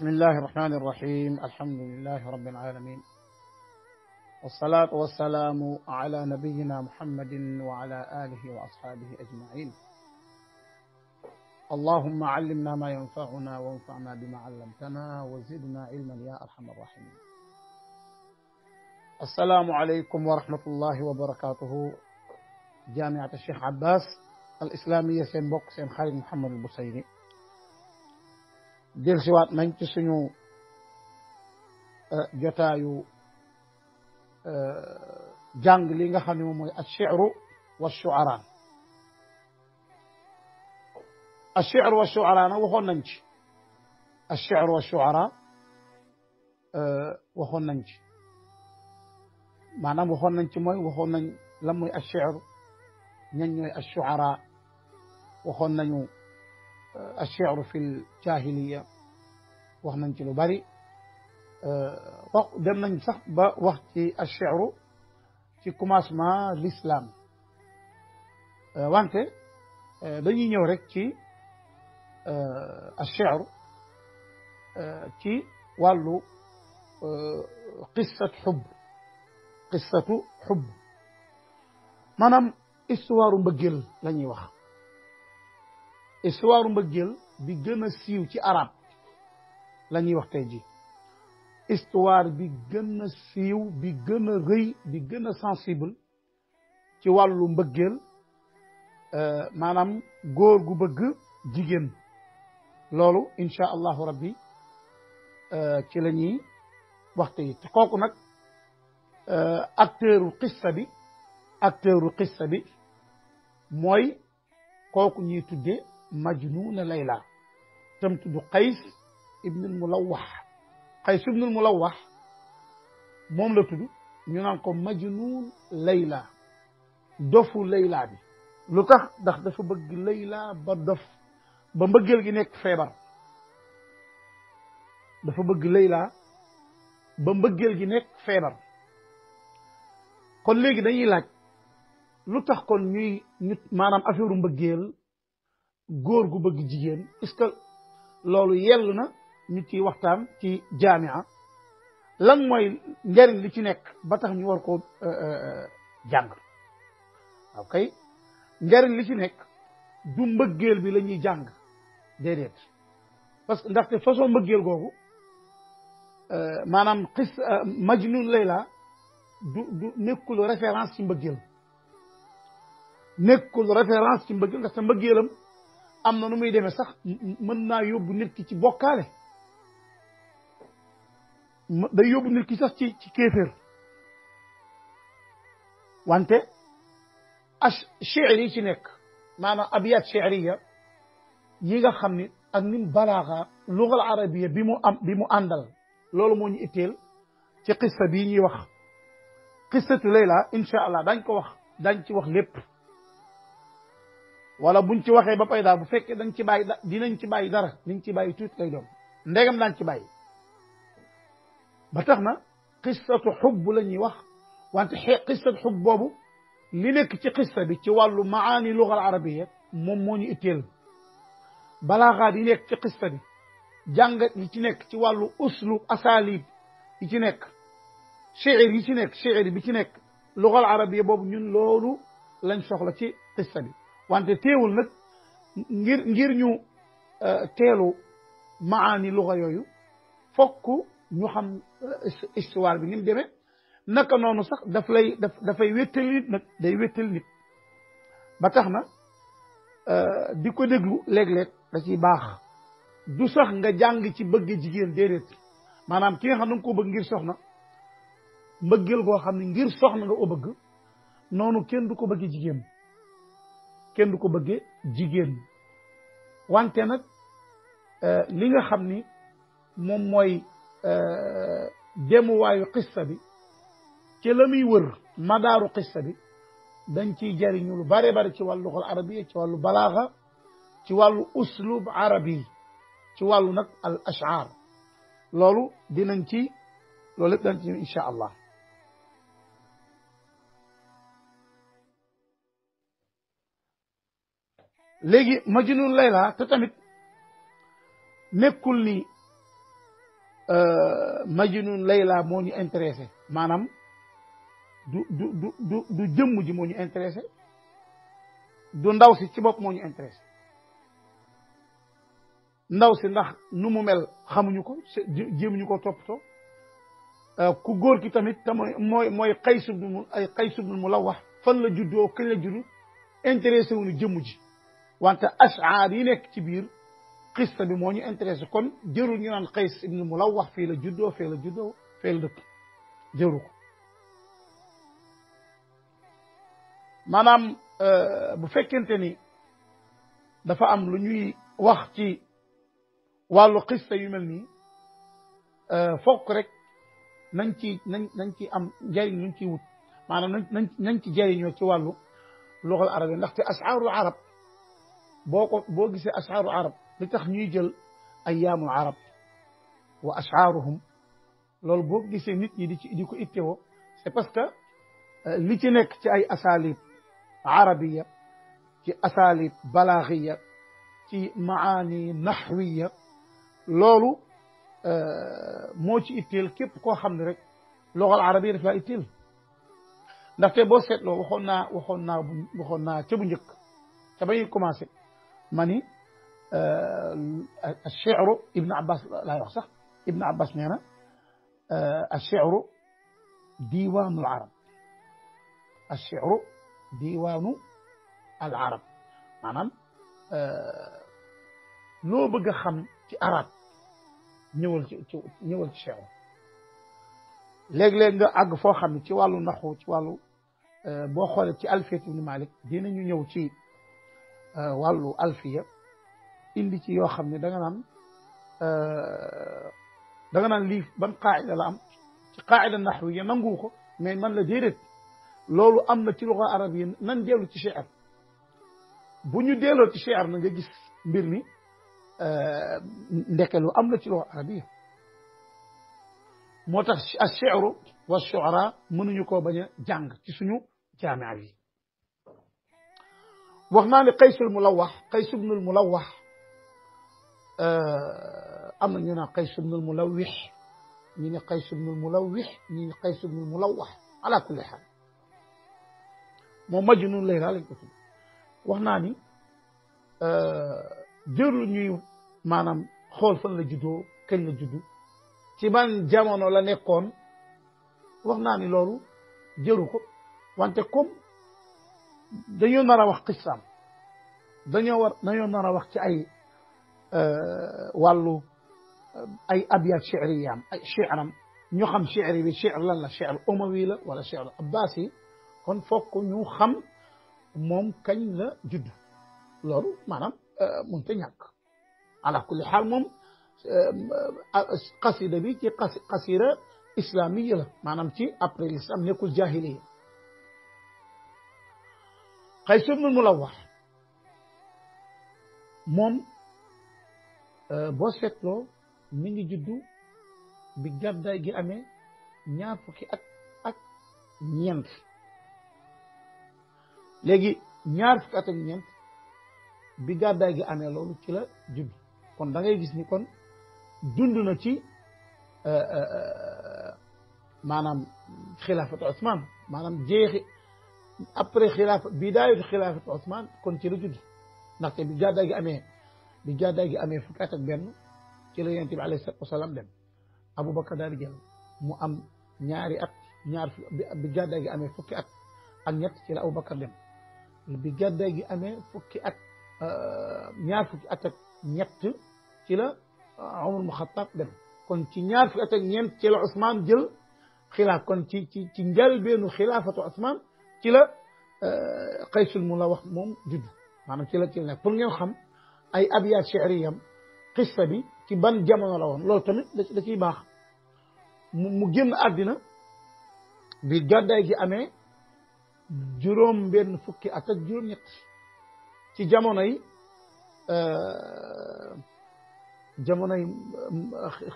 بسم الله الرحمن الرحيم الحمد لله رب العالمين والصلاة والسلام على نبينا محمد وعلى آله وأصحابه أجمعين اللهم علمنا ما ينفعنا وانفعنا بما علمتنا وزدنا علما يا أرحم الراحمين السلام عليكم ورحمة الله وبركاته جامعة الشيخ عباس الإسلامية سين بوك سين خالد محمد البصيري delsiwaat nañ ci suñu jotaayu jàng li nga xam ne moom mooy achiru wa shuara achiru wa shuara nag waxoon nañ ci achiru wa shuara waxoon nañ ci maanaam waxoon nañ ci mooy waxoon nañ lan mooy achiru ñan ñooy ashuara waxoon nañu الشعر في الجاهلية ومن جلوبري ده من صحب وقت الشعر في كماس ما الإسلام wante dañuy ñëw rek ci الشعر ci wàllu qissat xub qissatu xub maanaam histoire mbëggeel la ñuy wax histoire mbëggeel bi gën a siiw ci arab la ñuy wax ji histoire bi gën a siiw bi gën a rëy bi gën a sensible ci wàllu mbëggeel euh, maanaam góor gu bëgg jigéen loolu incha allahu rabbi euh, ci la ñuy waxte yi kooku nag euh, acteuru qissa bi acteuru qissa bi mooy kooku ñuy tudde majnuuna layla tam tudd Qays ibnul Mulawwax Qays ibnul Mulawwax moom la tudd ñu naan ko majnuun layla dofu layla bi lu tax ndax dafa bëgg layla ba dof ba mbëggeel gi nekk feebar dafa bëgg layla ba mbëggeel gi nekk feebar kon léegi dañuy laaj lu tax kon ñuy ñu maanaam affaire mbëggeel góor gu bëgg jigéen est que loolu yell na ñu ciy waxtaan ci jaamia lan mooy njariñ li ci nekk ba tax ñu war koo euh, euh, jàng waaw kay njariñ li ci nekk du mbëggeel bi lañuy ñuy jàng déedéet parce que ndaxte façon mbëggeel googu euh, maanaam xis majnun layla du du nekkul référence ci mbëggeel nekkul référence ci mbëggeel ndaxte mbëggeelam amna nu muy deme sax mën naa yóbbu nit ki ci bokkaale day yóbbu nit ki sax ci ci kéeféer wante ash shiir yi ci nekk maanaam abiyat shiiriya yi nga xam ni ak nim balaaxa lugal arabiya bi mu am bi mu àndal loolu moo ñu itteel ci qissa bii ñuy wax qissatu layla incha allah dañ ko wax dañ ci wax lépp wala buñ ci waxe ba pay da bu fekke dañ ci bay di nañ ci bay dara ni ci bay tout lay dom ndegam daan ci bay ba taxna qissatu hubb lañ wax wante qissatu hubb bobu li nek ci qissa bi ci walu maani lugal arabiya moom moo ñu itteel balaaxaat di nek ci qissa bi jang yi ci nek ci walu uslu asalib yi ci nek shiir yi ci nekk shiir bi ci nekk lugal arabiya boobu ñun loolu lañ soxla ci qissa bi wante teewul nag ngir ngir ñu euh, teelu maani luga yooyu fokk ñu xam euh, histoire bi ni mu demee naka noonu sax daf lay daf dafay wéttal nit nag day wéttal nit ba tax na euh, di ko déglu léeg-léeg da ciy baax du sax nga jàng ci bëgg jigéen déedéet maanaam ki nga xam ne koo bëgg ngir soxna mbëggeel goo xam ne ngir soxna nga ko bëgg noonu kenn du ko bëgg jigéen kenn du ko bëgge jigéen wante nag euh, li nga xam ni moom mooy demuwaayu euh, xissa bi ci la muy wër madaaru xissa bi dañ ciy jëriñu lu bare bare ci wàllu luxal arabiya ci wàllu balaaxa ci wàllu uslub arabi ci wàllu nag al ashar loolu dinañ ci loolu lépp ci incha allah léegi Majnun Layla te tamit nekkul ni euh, Majnun Layla moo ñu intéressé maanaam du du du du jëmm ji moo ñu intéressé du ndaw si ci bopp moo ñu ndaw si ndax nu mu mel xamuñu ko jëmuñu ko toppatoo euh, ku góor ki tamit te mooy mooy Qays ibnu ay mu ibnu wax fan la juddoo kañ la juddu intéressé wuñu jëmm ji وانت اشعارينك كبير قصة بموني انتريس كون جيرو نيران قيس ابن الملوح في الجدو في الجدو في الدك جيرو مانام آه، بفكنتني دفا ام لنوي وقتي والو قصة يملني آه، فوق رك ننتي ننتي ام جاري ننتي وط مانام ننتي جاري نيوكي والو لغة العربية نختي اسعار العرب بوكو بوكي اسعار العرب لتخ نيجل ايام العرب واشعارهم لول بوكي سي نيت ني دي ديكو ايتيو سي باسكو لي تي نيك تي اي اساليب عربيه تي اساليب بلاغيه تي معاني نحويه لولو آه، موتي ايتيل كيب كو خامن ريك لغه العربيه دافا ايتيل ndaxte bo setlo waxon naa waxon naa waxon naa ca bu njëkk ca ba commencé ma ni euh, achiru Ibn Abbas laa wax sax Ibn Abbas nee na euh, achiru diiwaanul arab achiru diiwaanu al arab maanaam euh, loo bëgg a xam ci arab ñëwal ci ñëwal ci cheru léeg-léeg nga àgg foo xam ne ci wàllu naxu ci wàllu boo xoolee ci Alfiya ibn Malik dinañu ñëw ci wàllu alfiya indi ci yoo xam ne da nga naan da nga naan lii ban qaacida la am ci qaacida naxwiya nangu ko mais man la déedéet loolu am na ci luxa arabiya nan dellu ci cheer bu ñu delloo ci cheer na nga gis mbir mi ndeke lu am na ci luxa arabiya moo tax al cheeru wa shuara mënuñu koo bañ a jàng ci suñu jaamia yi وخنا قيس الملوح قيس بن الملوح آه، ام نينا قيس بن الملوح مين قيس بن الملوح مين قيس بن الملوح على كل حال مو مجنون لي رالي كتب وخناني ا دير ني آه، مانام خول فن لا جدو كين لا جدو تي بان جامونو لا نيكون وخناني لولو ديروكو كو وانت كوم dañoo nar a wax xissaam dañoo war dañoo nar a wax ci ay wàllu ay abyaat shiciriyaam ay shicram ñu xam shicri bi shicr lan la shicr umawi la wala shicr abbasi kon fokk ñu xam moom kañ la judd loolu maanaam mënta ñàkk ala kulli xaal moom qasida bi ci qasira islamiya la maanaam ci après l'islam nekkul jahiliya Qays ibnul Munawwar moom euh, boo seetloo mi ngi juddu bi gàddaay gi amee ñaar fukki at ak ñeent léegi ñaar fukki at ñeent bi gàddaay gi amee loolu ci la judd kon dangay gis ni kon dund na ci euh, euh, maanaam xilaafatu Usmaan maanaam jeexi après xilaafa bidaayatu xilaafat Ousmane kon ci la judd ndaxte bi jàddaay gi amee bi jàddaay gi amee fukki at ak benn ci la yonent bi alayhi salaatu wasalaam dem Aboubacar daal di jël mu am ñaari at ñaar bi jàddaay gi amee fukki at ak ñett ci la Aboubacar dem bi jàddaay gi amee fukki at euh, ñaar fukki at ak ñett ci la Omar euh, mu Xattaab dem kon ci ñaar fukki at ak ñeent ci la Ousmane jël xilaaf kon ci ci ci njëlbeenu xilaafatu Ousmane ci la qaysul mu la judd maanaam ci la ci la pour ngeen xam ay abiyaat shi'riyam qissa bi ci ban jamono la woon loolu tamit da ciy baax mu génn àddina bi gàddaay gi amee juróom benn fukki at ak juróom ñett ci jamono yi jamono yi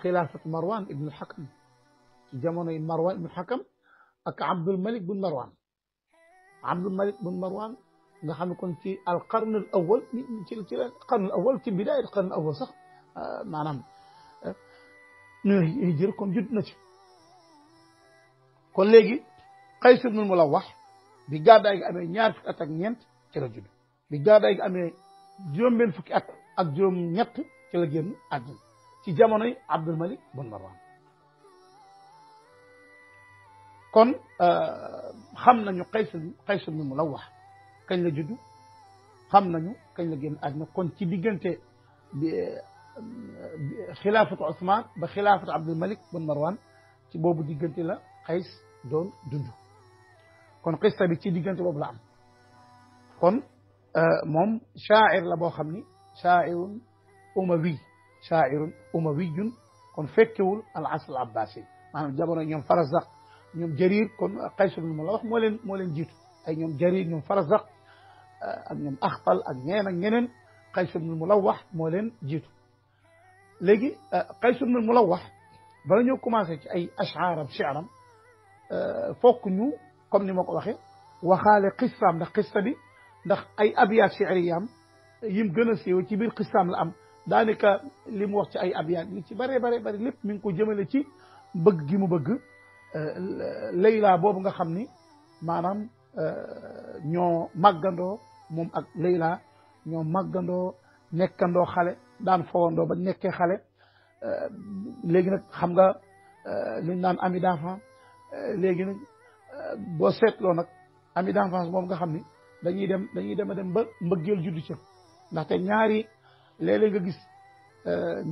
xilaafat marwan ibnu xakam ci jamono yi marwan ibnu xakam ak abdul malik bin marwan Abdul Malik bun Marwan nga xam ne kon ci al qarn al awal ci ci la qarn al awal ci bidaaya al qarn al awal sax maanaam ñu jër kon judd na ci kon léegi Qays ibnul Mulawwax bi gàddaay gi amee ñaar fukki at ak ñeent ci la judd bi gàddaay gi amee juróom-benn fukki at ak juróom-ñett ci la génn àdduna ci jamonoy Abdul Malik bun Marwan kon xam nañu qays qays ibnu mulawwax kañ la juddu xam nañu kañ la génn àdduna kon ci diggante bi xilaafatu Ousmane ba xilaafatu Abdul Malik bin Marwan ci boobu diggante la qays doon dund kon qissa bi ci diggante boobu la am kon moom shaair la boo xam ni shaairun umawi shaairun umawiyun kon fekkewul al asr al abbasi maanaam jamono ñoom farazaq ñoom jarir kon Qays ibn Mulaw moo leen moo leen jiitu ay ñoom jarir ñoom Farazaq eh, ak ñoom Axtal ak ñeneen ak ñeneen Qays ibn Mulawah moo leen jiitu léegi eh, Qays ibn Mulawah bala ñoo commencé ci ay ashaaram shiaram eh, fokk ñu comme ni ma ko waxee waxaale xissaam ndax xissa bi ndax ay abiyaat shiiriyaam yim gën a siiw ci biir xissaam la am daanaka li mu wax ci ay abiyaat li ci bare bare bare lépp mi ngi ko jëmale ci bëgg gi mu bëgg Euh, Layla boobu nga xam ni maanaam euh, ñoo màggandoo moom ak Layla ñoo màggandoo nekkandoo xale daan fowandoo ba nekkee xale euh, léegi nag xam nga liñ naan ami d'enfance léegi nag boo seetloo nag ami d'enfance moom nga xam ni dañuy dem dañuy dem a dem ba mbëggeel juddu ca ndaxte ñaari léeg-léeg nga gis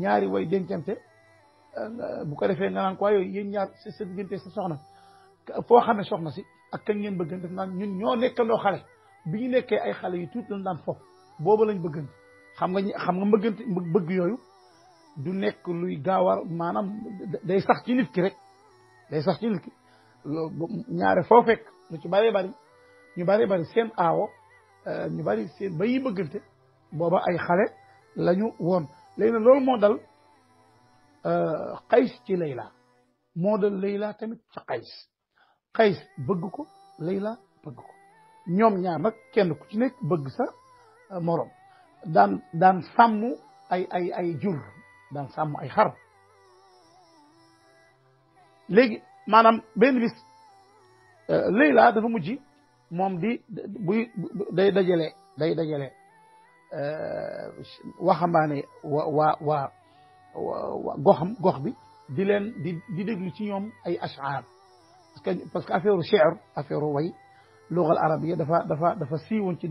ñaari way dencante bu ko defee nga naan ko waaye yéen ñaar si sa diggante sa soxna foo xamee soxna si ak kañ ngeen bëggante daf naan ñun ñoo nekkandoo xale bi ñu nekkee ay xale yu tuuti lañ daan foofu booba lañ bëggante xam nga xam nga mbëggante bëgg yooyu du nekk luy gaawar maanaam day sax ci nit rek day sax ci ñaare foo fekk ci bëree bëri ñu bëree bëri seen aawo euh, ñu bëri seen ba yi bëggante booba ay xale lañu woon léegi nag loolu moo dal Qays ci Layla moo dal Layla tamit ci Qays Qays bëgg ko Layla bëgg ko ñoom ñaar nag kenn ku ci nekk bëgg sa euh, morom daan daan sàmm ay ay ay jur daan sàmm ay xar léegi maanaam benn bis euh, Layla dafa mujji moom di buy day dajale day dajale euh, waxambaane waa wa waa goxam gox bi di leen di di déglu ci ñoom ay ashar parce que parce que affaire shi'r affaire way lugal arabia dafa dafa dafa siiwoon ci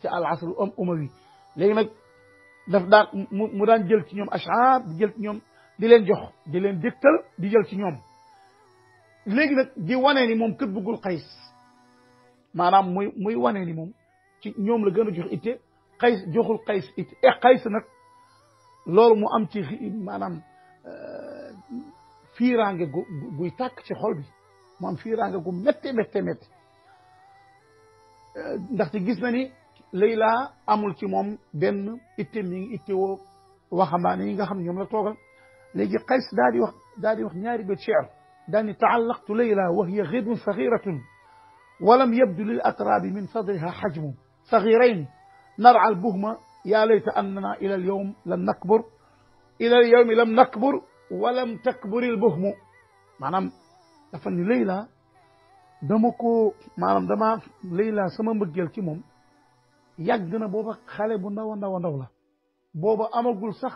ci al asr umawi léegi nag daf daan mu daan jël ci ñoom ashar di jël ci ñoom di leen jox di leen dégtal di jël ci ñoom léegi nag di wane ni moom kët bëggul xays maanaam muy muy wane ni moom ci ñoom la gën a jox itte xays joxul xays itte e xays nag loolu mu am ci maanaam fiiraange gu guy tàkk ci xol bi mu am fiiraange gu métte métte métte ndaxte gis na ni Layla amul ci moom benn itte mi ngi itte woo waxambaane yi nga xam ñoom la toogal léegi Qays daal di wax daal di wax ñaari bët cheer daal ni taallaqtu Layla wa hiya xidun saxiratun ولم يبدو للأتراب من صدرها حجم صغيرين نرعى البهمة yaa layta annana ila al yawm lam nakbur ila al yawmi lam nakbur walam takburil buhmu maanaam dafa ni Layla dama ko maanaam dama Layla sama mbëggeel ci moom yàgg na booba xale bu ndaw a ndaw a ndaw la booba amagul sax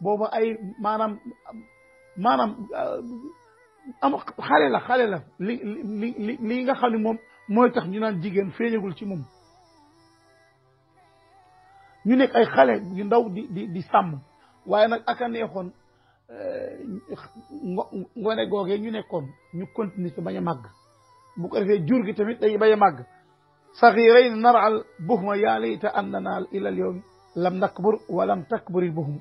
booba ay maanaam maanaam am xale la xale la li li li nga xam ne moom mooy tax ñu naan jigéen feeñagul ci moom ñu nekk ay xale yu ndaw di di waaye nag aka neexoon eh, ngone googee ñu nekkoon ñu continuer ci bañ a màgg bu ko defee jur gi tamit day bañ a màgg saxiirayn naral buhma yaa layta annana ila al yawmi lam nakbur wa lam takburil buhum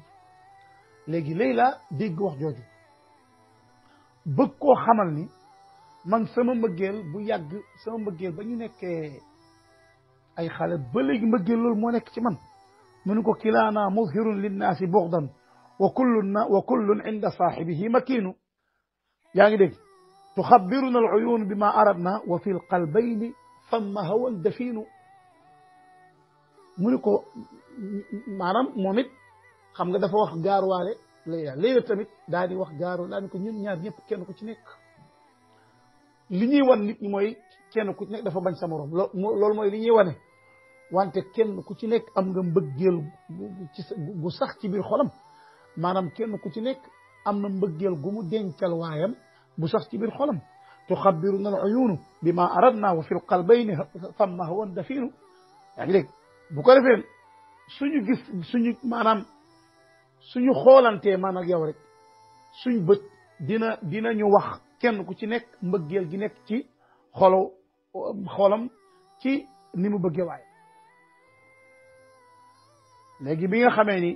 léegi Layla dégg wax jooju bëgg koo xamal ni man sama mbëggeel bu yàgg sama mbëggeel ba ñu nekkee ay xale ba léegi mbëggeel loolu moo nekk ci man منكو كلانا مظهر للناس بغضا وكل وكل عند صاحبه مكين يعني دي تخبرنا العيون بما أردنا وفي القلبين فم هوى دفين منكو مانام موميت خمغا دافا واخ غار والي ليلة ليلة تميت دادي واخ غار لا نكو نين نيار نيب كين كو تي نيك لي ني وان نيت ني موي كين كو تي نيك دافا بان سامروم لول موي لي ني واني wante kenn ku ci nekk am nga mbëggeel ci gu sax ci biir xolam maanaam kenn ku ci nekk am na mbëggeel gu mu dencal waayam bu sax ci biir xolam tuxabiruna al uyunu bima aradna wa fi l qalbayni famma hawan yaa ngi bu ko defee suñu gis suñu maanaam suñu xoolantee man ak yow rek suñ bët dina dinañu wax kenn ku ci nekk mbëggeel gi nekk ci xolu xolam ci ni mu bëggee waay léegi bi nga xamee ni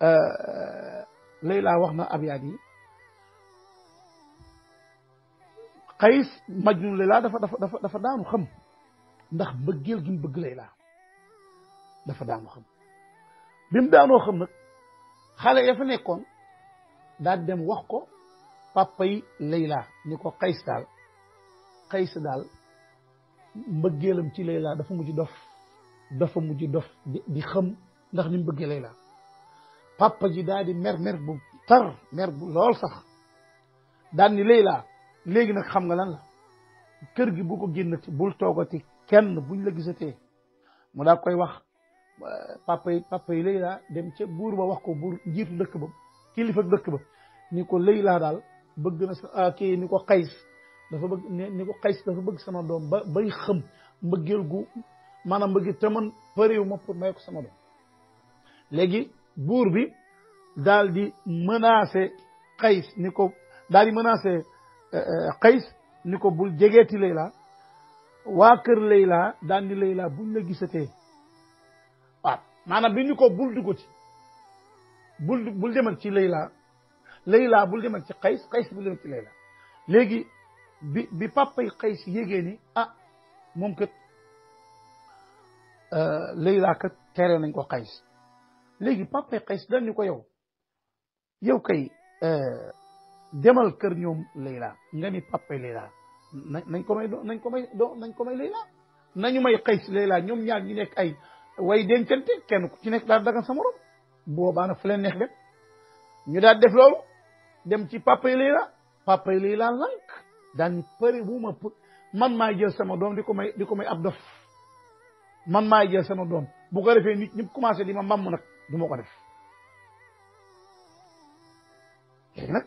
euh, Layla wax na abyaat yi Qays majnun Layla dafa dafa dafa dafa daanu xam ndax mbëggeel gi mu bëgg Layla dafa daanu xam bi mu daanoo xam nag xale dafa fa nekkoon daal dem wax ko papa yi ni ko Qays daal Qays daal mbëggeelam ci Layla dafa mujj dof dafa mujj dof di xam ndax ni mu bëggee lay la ji daal di mer mer bu tar mer bu lool sax daan ni léegi nag xam nga lan la kër gi bu ko génnati bul toogati kenn buñ la gisatee mu daa koy wax papa yi papa yi lay dem ca buur ba wax ko buur njiitu dëkk ba kilifa dëkk ba ni ko lay daal bëgg na sa ah, kii ni ko xays dafa bëgg ni ko bëgg sama doom ba bay xam mbëggeel gu maanaam bëgg te man përiwuma pour may ko sama doom léegi buur bi daal di menacé Qays ni ko daal di menacé euh, euh, Qays ni ko bul jegeeti Layla waa kër Layla daan ni Layla buñ la gisatee waaw maanaam bi ni ko bul duggati bul bul ci Layla Layla bul demal ci Qays Qays bul demal ci Layla léegi bi bi papa yi Qays yégee ah moom Layla kat teeree nañ ko Qays léegi papa Qays dañ ni ko yow yow kay demal kër ñoom Layla nga ni papa Layla nañ ko may nañ ko may do nañ ko may Layla nañu may Qays Layla ñoom ñaar ñu nekk ay way dencante kenn ku ci nekk daal dagan sama morom boobaa nag fu leen neex dem ñu daal def loolu dem ci papa Layla papa Layla lànk daan pare bu ma man maa jël sama doom di ko may di ko may ab dof man maa jël sama doom bu ko defee nit ñi commencé di ma mamm nag du ma ko def léegi nag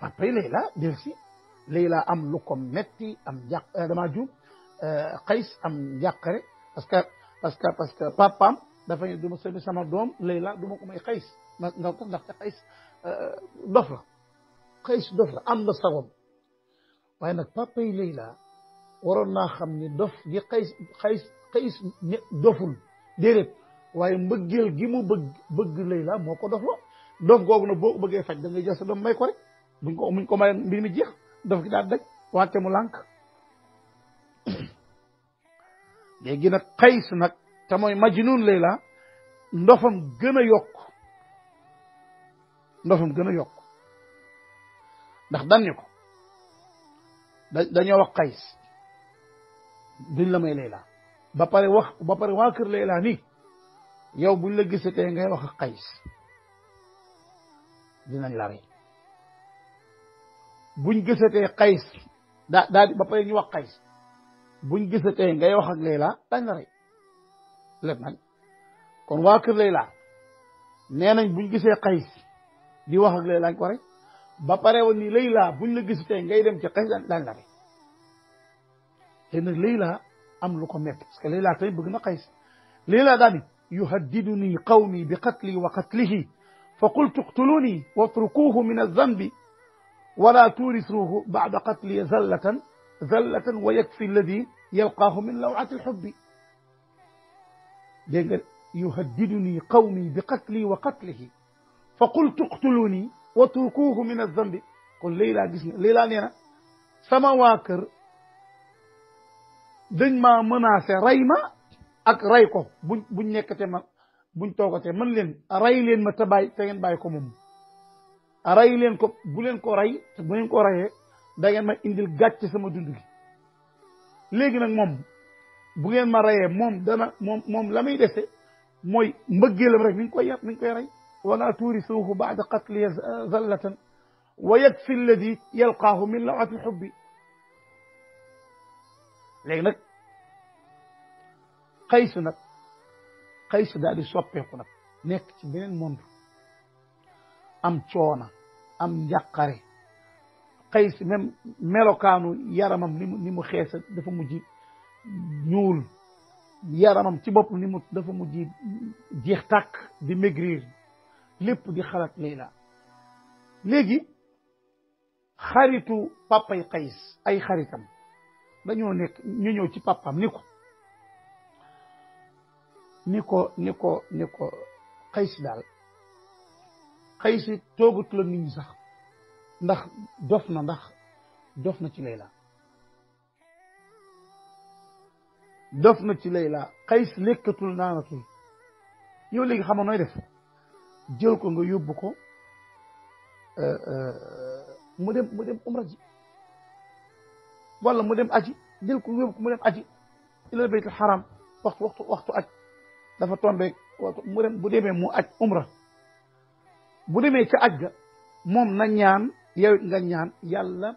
papa yi Layla delsi Layla am lu ko metti am jàq dama juum Qays am jàqare parce que parce que parce que papaam dafa ne du ma sëmi sama doom Layla du ma ko may Qays ndax ndaxte Qays dof la Qays dof la am na sagom waaye nag papa yi Layla waroon naa xam ni dof gi Qays Qays Qays doful déedéet waaye mbëggeel gi mu bëgg bëgg Layla moo ko dof loo dof googu nag boo bëggee faj da ngay jël sa doom may ko rek buñ ko muñ ko may mbir mi jeex dof gi daal daj wante mu lànk léegi nag Qays nag te mooy majnun Layla ndofam gën a yokk ndofam gën a yokk ndax danñu ko da dañoo wax Qays duñ la may Layla ba pare wax ba pare waa kër Layla ni yow buñ la gise gisatee ngay wax ak dinañ la buñ gisatee Qays daa daa di ba ñu wax Qays buñ gisatee ngay wax ak Layla dañ la rey lépp nag kon waa kër Layla nee nañ buñ gisee Qays di wax ak Layla ko rey ba pare woon ni Layla buñ la gisatee ngay dem ci Qays dañ la rey Layla am lu ko metti parce que Layla tey bëgg na Qays Layla daani yuhaddiduni qawmi bi qatli wa qatlihi fa qultu iqtuluni watrukuhu min adh-dhanbi ولا تورثوه بعد قتلي زلة زلة ويكفي الذي يلقاه من لوعة الحب يهددني قومي بقتلي وقتله فقلت اقتلوني واتركوه من الذنب قل ليلى جسنا ليلى نينا سما واكر dañ ma menacé ray ma ak ray ko buñ buñ nekkate ma buñ togoté man len ray len ma tabay bàyyi te ngeen bay ko moom ray len ko bu len ko ray te bu leen ko rayé da ngeen ma indil gatch sama dund gi légui nak mom bu ngeen ma rayé mom dana mom mom lamay déssé moy mbeugélam rek ni ñu koy yar ni ñu koy ray wala tuurisuuhu ba'da qatli zallatan ويكفي الذي يلقاه من min lawati léegi nag xaysu nag xaysu daal di soppeeku nag nekk ci beneen monde am coona am njàqare xaysu même melokaanu yaramam ni mu ni mu xeesa dafa mujj ñuul yaramam ci bopp ni dafa mujj jeex tàkk di maigrir lépp di xalaat Layla léegi xaritu papay xays ay xaritam dañoo nekk ñu ñëw ci papaam ni ko ni ko ni ko ni ko xaysi daal xaysi toogatu la nit ñi sax ndax dof na ndax dof na ci Layla dof na ci Layla xays lekkatul naanatul yow léegi xam nga nooy def jël ko nga yóbbu ko euh, euh, mu dem mu dem umra wala mu dem aji jël ko yóbbu ko mu dem aji ilal baytul haram waxtu waxtu waxtu aj dafa tombe mu dem bu demee mu aj umrah bu demee ci aj ga moom na ñaan yow nga ñaan yalla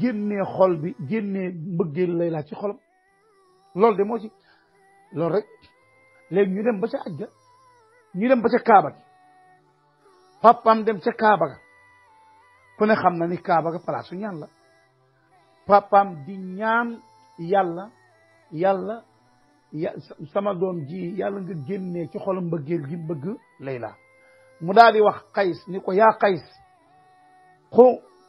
génnee xol bi génnee mbëggeel layla ci xolam lool de mo ci lool rek léegi ñu dem ba ci aj ga ñu dem ba ci kaaba papam dem ci kaaba ku ne xam na ni kaaba ga place ñaan la papam di ñaan yàlla yàlla sama doom ji yàlla nga génne ci xolam mbëggeel gi mbëgg Layla mu daal di wax Qays ni ko yaa Qays xu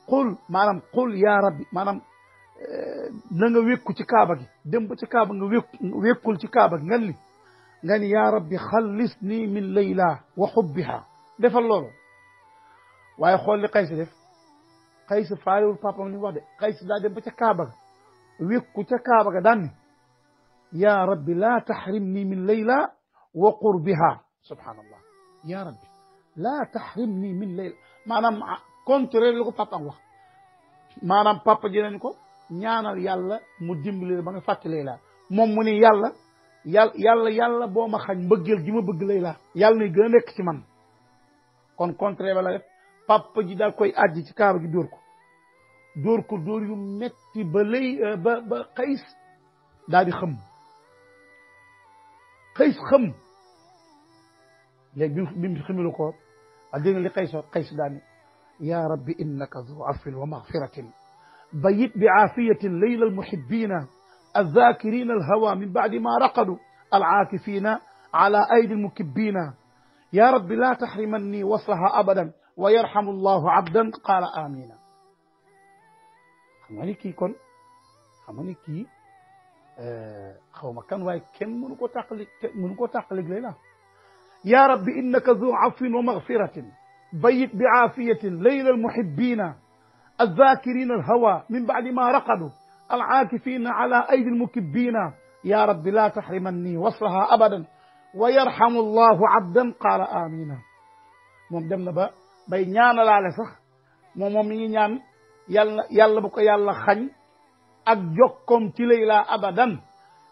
xul maanaam xul yaa rabbi maanaam na nga wékku ci kaaba gi dem ba ci kaaba nga wékk wékkul ci kaaba gi ngan li nga ni yaa rabbi xallis nii min Layla wa xubbiha defal loolu waaye xool li Qays def xëy si faalewul papam li mu wax de xëy si dem ba ca Kaaba ga wékku ca Kaaba ga daan ni yaa rabbi laa taxrimni min layla wa qurbiha subhaanallah yaa rabbi la taxrimni min layla maanaam ah, contraire li papa papam wax maanaam papa ji nañ ko ñaanal yàlla mu dimbali ba nga fàtte layla moom mu ni yàlla yàlla yàlla yàlla boo ma xañ mbëggeel gi ma bëgg layla yàlla nay gën a ci man kon contraire ba la papa ji daal koy addi ci kaaba gi dóor ko dóor ko dóor yu metti ba lay ba ba khais daal di xam khais xam leg bi mu xëmilu ko a dégg li xays xays daani يا رب إنك ذو عفو ومغفرة بيت بعافية al المحبين الذاكرين الهوى من بعد ما رقدوا العاكفين على أيدي المكبين يا رب لا تحرمني وصلها أبدا ويرحم الله عبدا قال آمين xam كي ni kii كي xam آه، nga واي كم منكو تقلق منكو تقلق kenn يا رب إنك ذو عفو ومغفرة بيت بعافية ليل المحبين الذاكرين الهوى من بعد ما رقدوا العاكفين على أيدي المكبين يا رب لا تحرمني وصلها أبدا ويرحم الله عبدا قال آمين ممدمنا بقى bay ñaanalaale sax moom moom mi ñaan yàlla yàlla bu ko yàlla xañ ak jokkoom ci lay laa abadan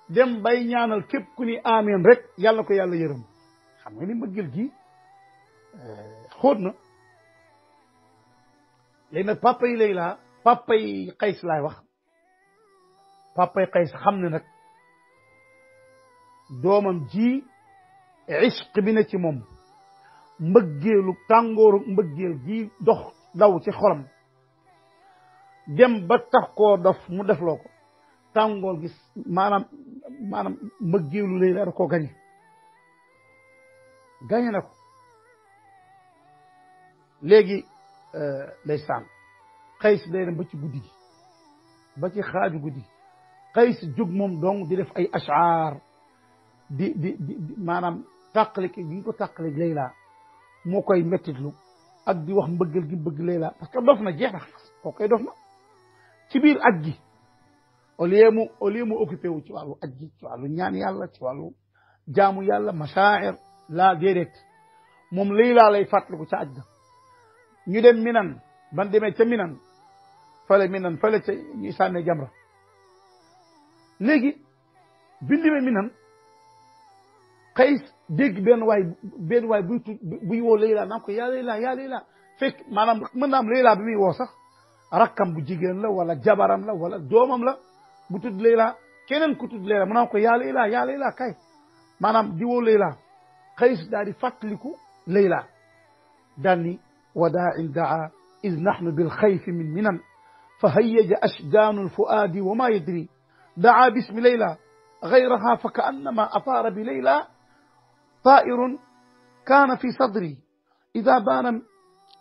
dem bay ñaanal képp ku ni amiin rek yàlla ko yàlla yërëm xam nga ni mbëggeel gi eh, xóot na léegi nag papa yi lay wax papa yi xays xam ne nag doomam ji isq bi na ci moom mbëggeelu tàngooru mbëggeel gi dox daw ci xolam dem ba tax koo dof mu defloo ko tàngoor gis maanaam maanaam mbëggeelu lay la ko koo gañe gañe na ko léegi lay euh, saan xays day ba ci guddi ba ci xaaju guddi gi xays jóg moom dong di def ay ashaar di di di maanaam tàqale gi ñu ko tàqale Layla moo koy mettitlu ak di wax mbëggal gi mbëgg Layla parce que dof na jeex na koo koy dof na ci biir aj gi au lieu mu au wu ci wàllu aj gi ci wàllu ñaan yàlla ci wàllu jaamu yàlla masaa'ir laa déedéet moom Layla lay fàttaliku ca aj ga ñu dem minan ban demee ca minan fale minan fale ca ñuy sànne jamra léegi bi minan Qays dégg benn waay benn waay buy tu buy woo Layla naan ko yaa Layla yaa Layla fekk maanaam mën naa am Layla bi muy woo sax rakkam bu jigéen la wala jabaram la wala doomam la bu tudd Layla keneen ku tudd Layla mu naan ko yaa Layla yaa Layla kay maanaam di woo Layla xëys daal di fàttaliku Layla daal ni وداع دعا إذ نحن بالخيف من منن فهيج أشجان الفؤاد وما يدري دعا باسم ليلى غيرها فكأنما أثار بليلى طائر كان في صدري إذا بان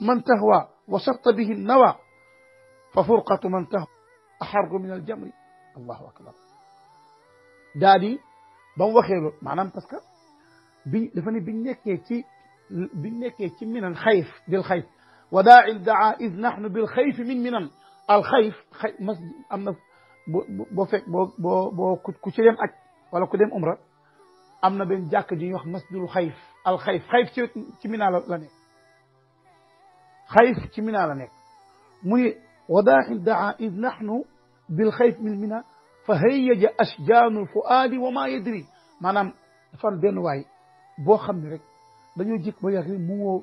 من تهوى وشط به النوى ففرقة من تهوى أحر من الجمر الله أكبر دادي بن وخير معنى متسكر دفني بنكي كي من الخيف بالخيف وداع الدعاء إذ نحن بالخيف من من الخيف خي... مسجد أما بو بو بو بو كوتشيم أك ولا كودم أمرأ am na benn jàkk ji ñuy wax masjidul xayf al xayf xayf ci ci minaa la nekk xayf ci minaa la nekk mu ni wadaaxin daa id naxnu bil xayf min mina fa hayyaja ashjaanu fuaadi wa maa yadri maanaam dafa am benn waay boo xam ne rek dañoo jëkk ba yàgg mu woo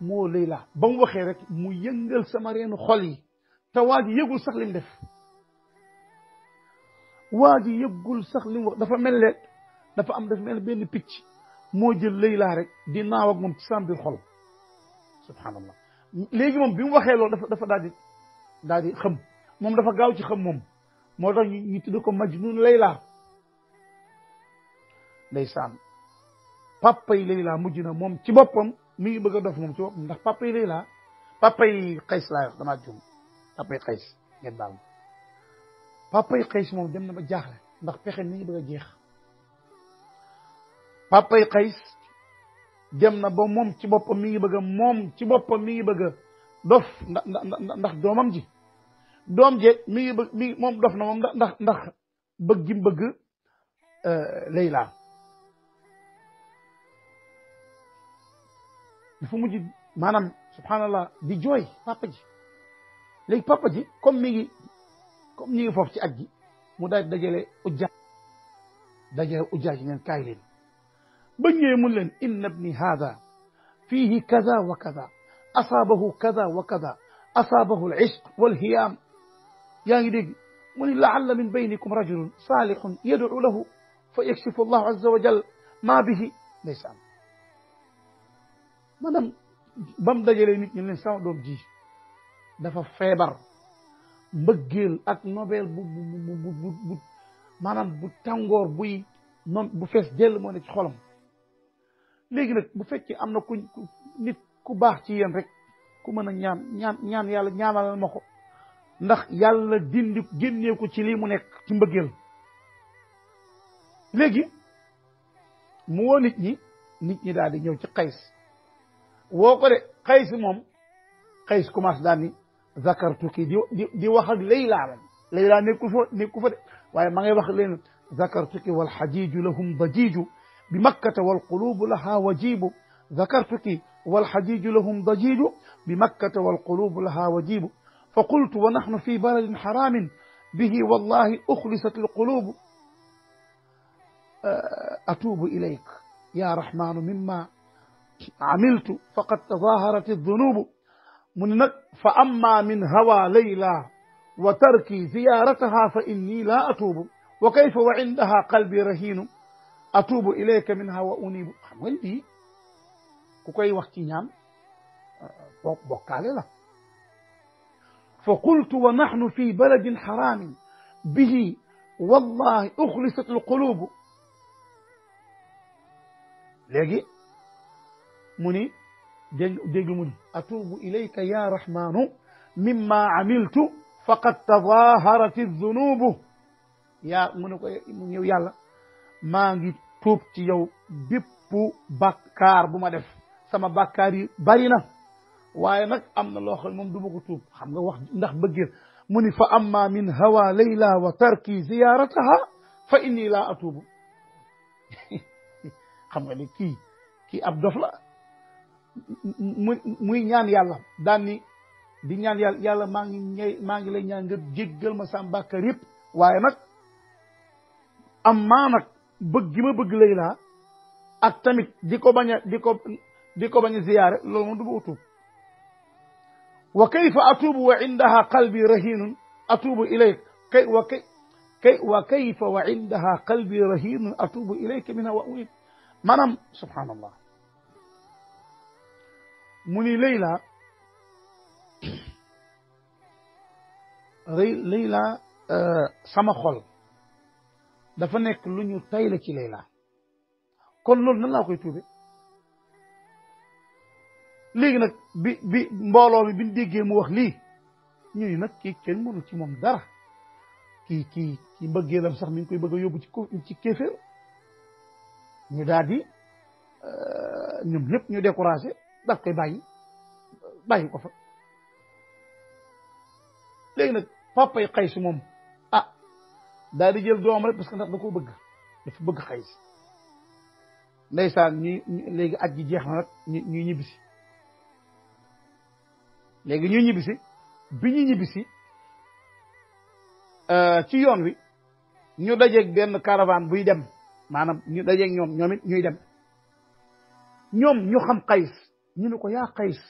mu woo Layla ba mu waxee rek mu yëngal sama reenu xol yi te waa ji yëgul sax li mu def waa ji yëgul sax li mu wax dafa mel ne dafa am daf mel benn picc moo jël Layla rek di naaw moom ci sam biir xol subhanallah léegi moom bi mu waxee loolu dafa dafa daal daal di xam moom dafa gaaw ci xam moom moo tax ñu ñu tudd ko majnun Layla ndeysaan papa yi Layla mujj na moom ci boppam mi ngi bëgg a dof moom ci boppam ndax papa yi Layla papa yi Qays laa damaa jum papa yi Qays ngeen baal ma papa moom dem na ba jaax ndax pexe mi ngi jeex papay Qays dem na ba moom ci boppam mi ngi bëgg a moom ci boppam mi ngi bëgg a dof ndax doomam ji doom je mi ngi mi moom dof na moom ndax ndax bëgg gi bëgg euh, Layla dafa mujj maanaam subhanallah di jooy papa ji léegi papa comme mi ngi comme ñi ngi foofu ci aj ji mu daal dajale ujjaaj dajale ujjaaj neen kaay leen بنيه ملن ان ابني هذا فيه كذا وكذا اصابه كذا وكذا اصابه العشق والهيام يا يعني يدي من لعل من بينكم رجل صالح يدعو له فيكشف الله عز وجل ما به ليس ما دام بام دجالي نيت نين سام دوم جي دا فيبر مبغيل اك نوبل بو بو بو بو مانام بو تانغور بو بو فيس ديل مو نيت خولم léegi nag bu fekkee am na ku nit ku baax ci yéen rek ku mën a ñaan ñaan ñaan yàlla ñaanal ma ko ndax yàlla dindi génnee ko ci lii mu nekk ci mbëggeel léegi mu woo nit ñi nit ñi daal di ñëw ci xays woo ko de xays moom xays commencé daan ni zakartuki di di di wax ak Layla la de waaye ma ngay wax leen zakartuki wal xajiiju lahum dajiju بمكة والقلوب لها وجيب ذكرتك والحجيج لهم ضجيج بمكة والقلوب لها وجيب فقلت ونحن في بلد حرام به والله أخلصت القلوب آه، أتوب إليك يا رحمن مما عملت فقد تظاهرت الذنوب فأما من هوى ليلى وتركي زيارتها فإني لا أتوب وكيف وعندها قلبي رهين atubu ilayka minha wa unibu xam nga lii ku koy wax ci ñaam boo bokkaale la fa qultu wa nahnu fi baladin xaraamin bihi wallahi uxlisat alqulubu léegi mu ni dégg dégg mu ni atubu ilayka ya rahmanu mimma amiltu faqad tadaharat الذنوب yaa mu ne ko mu ñëw yàlla mangi ngi tuub ci yow bépp bu def sama bakari yi bari na waaye nag am na loo ko top xam nga wax ndax bëggeel muni fa amma min hawa layla wa tarki ziyarataha fa inni la atubu xam nga ni ki ki ab dof la muy ñaan yalla dani ni di ñaan yalla yalla ma ngi ma ngi lay ñaan nga jéggal ma sam bàkkaar yëpp waye nak amma nak bëgg gi ma bëgg Layla ak tamit di ko bañ a di ko di ko bañ a ziyaare loolu moom du ma utub wa kayfa atubu wa indaha qalbi rahinun atubu ilayk kay wa kay kay wa kayfa wa indaha qalbi rahinun atubu ilayka minha wa unib maanaam subhanallah mu ni Layla Layla sama xol dafa nekk lu ñu tay la ci Layla kon loolu nan laa koy tuube léegi nag bi bi mbooloo mi bi déggee mu wax lii ñu ni nag kii kenn mënu ci moom dara kii kii ki mbëggeelam sax mi ngi koy bëgg a yóbbu ci ci kéeféer ñu daal di euh, ñoom ñëpp ñu découragé daf koy bàyyi bàyyi ko fa léegi nag papay xay si moom daal di jël doom rek parce que ndax da koo bëgg dafa bëgg xays ndeysaan ñuy léegi at ji jeex na nag ñuy ñibbisi léegi ñuy ñibbisi bi ñuy ñibbisi ci yoon wi ñu dajeeg benn caravane buy dem maanaam ñu dajeeg ñoom ñoom it ñuy dem ñoom ñu xam xays ñu ne ko yaa xays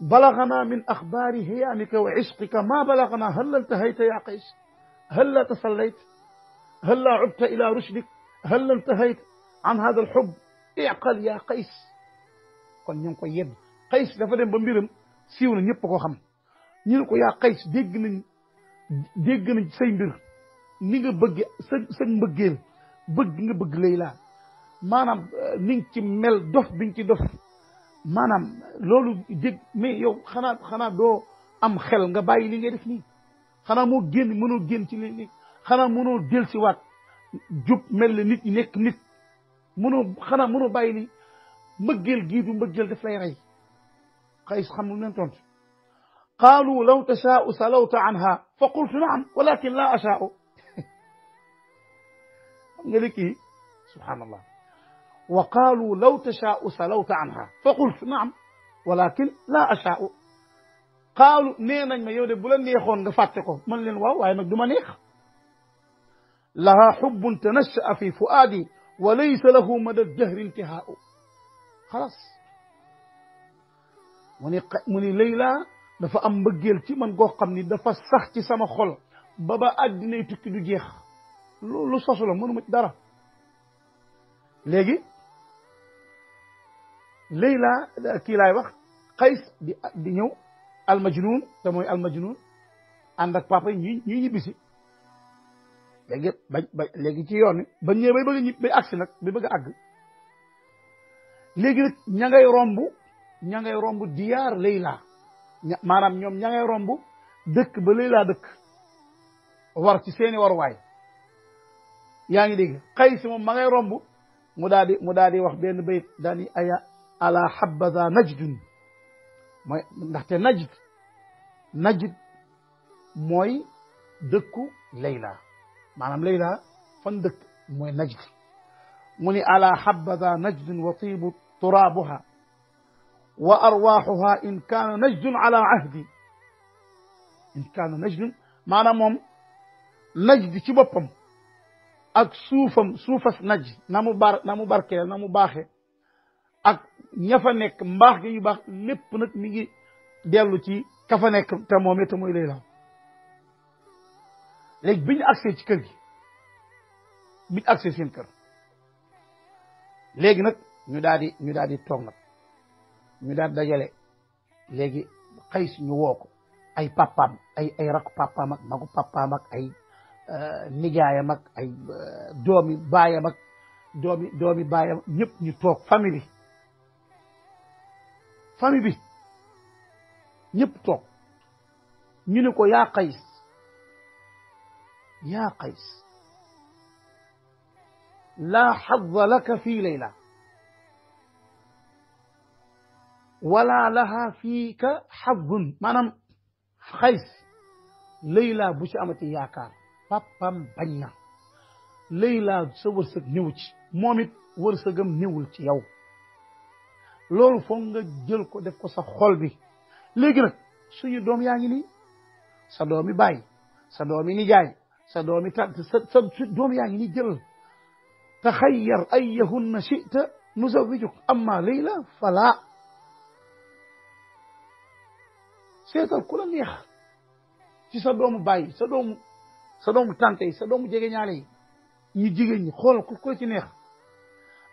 بلغنا من أخبار هيامك وعشقك ما بلغنا هل التهيت يا قيس هل لا تصليت هل لا عدت إلى رشدك هل لا انتهيت عن هذا الحب اعقل إيه يا قيس كن يوم قيد قيس دفن بمبيرم سيون نيبكو خم نيلكو يا قيس ديغن ديغن سي مبير نيغا بغي سك مبغيل بغ نيغا بغ ليلى مانام نينغ مل دوف بين تي دوف مانام لولو ديغ مي يو خنا دو ام خيل nga bayyi euh, li ngay xana mo génn mënoo génn ci li xana xanaa mënoo del si waat jub mel ne nit ñi nekk nit mënoo xana mënoo bàyyi ni mbëggeel gii du mbëggeel daf lay rey قيس خم من تونت قالوا لو تشاء سلوت عنها فقلت نعم ولكن لا أشاء ملكي سبحان الله وقالوا لو تشاء سلوت عنها فقلت نعم ولكن لا أشاء xaalu nee nañ ma yow de bu neexoon nga fàtte ko man leen waaw waaye nag du ma neex laha xubbun tanashaa fi fuaadi wa laysa lahu mada dahri intihaau xalaas mu ni mu ni Layla dafa am mbëggeel ci man goo xam ni dafa sax ci sama xol baba ba àddinay tukki du jeex lu sosu la mënuma ci dara léegi Layla kii laay wax Qays di di ñëw almajnun te mooy almajnun ànd ak papa yi ñuy ñibbisi léegi ba léegi ci yoon ba ñëwee bay bëgg a ñib bay agsi nag bay bëgg a àgg léegi nag ña ngay romb ña ngay romb diyaar Layla maanaam ñoom ña ngay romb dëkk ba Layla dëkk war ci seeni waruwaay yaa ngi dégg xëy si moom ma romb mu daal mu daal di wax benn bay daani aya ala habada najdun mooy ndaxte najd najd mooy dëkku Layla maanaam Layla fan dëkk mooy najd mu ni ala habada najdun wa tibu turaabuha wa arwaaxuha in kaana najdun ala ahdi in kaana najdun maanaam moom najd ci boppam ak suufam suufas najd na mu bar na mu barkeel na mu baaxee ña fa nekk mbaax gi yu baax lépp nag mi ngi dellu ci ka nekk te moom it mooy lay law léegi bi ñu agsee ci kër gi bi ñu agsee seen kër léegi nag ñu daal di ñu daal di toog nag ñu daal di dajale léegi xëy ñu woo ay papaam ay ay rakku papaam ak magu papaam mag ay euh, nijaayam ak ay euh, doomi baayam ak doomi doomi baayam ñëpp ñu toog famille famille bi ñëpp toog ñu ne ko yaa qays yaa qays لا حظ لك في ليلى ولا لها فيك حظ مانام خيس ليلى بوش امتي ياكار بابام بنيا ليلى سو ورسك نيوتي موميت ورسغم نيول تي ياو loolu foog nga jël ko def ko sa xol bi léegi nag suñu doom yaa ngi nii sa doomi baay sa doomi nijaay sa doomi tante sa sa doom yaa ngi nii jël taxayyar ayyahunna chita nuzawijuk amma Layla fala seetal ku la neex ci sa doomu baay sa doomu sa doomu tante sa doomu jegeñaale yi ñu jigéen ñi xool ku ko ci neex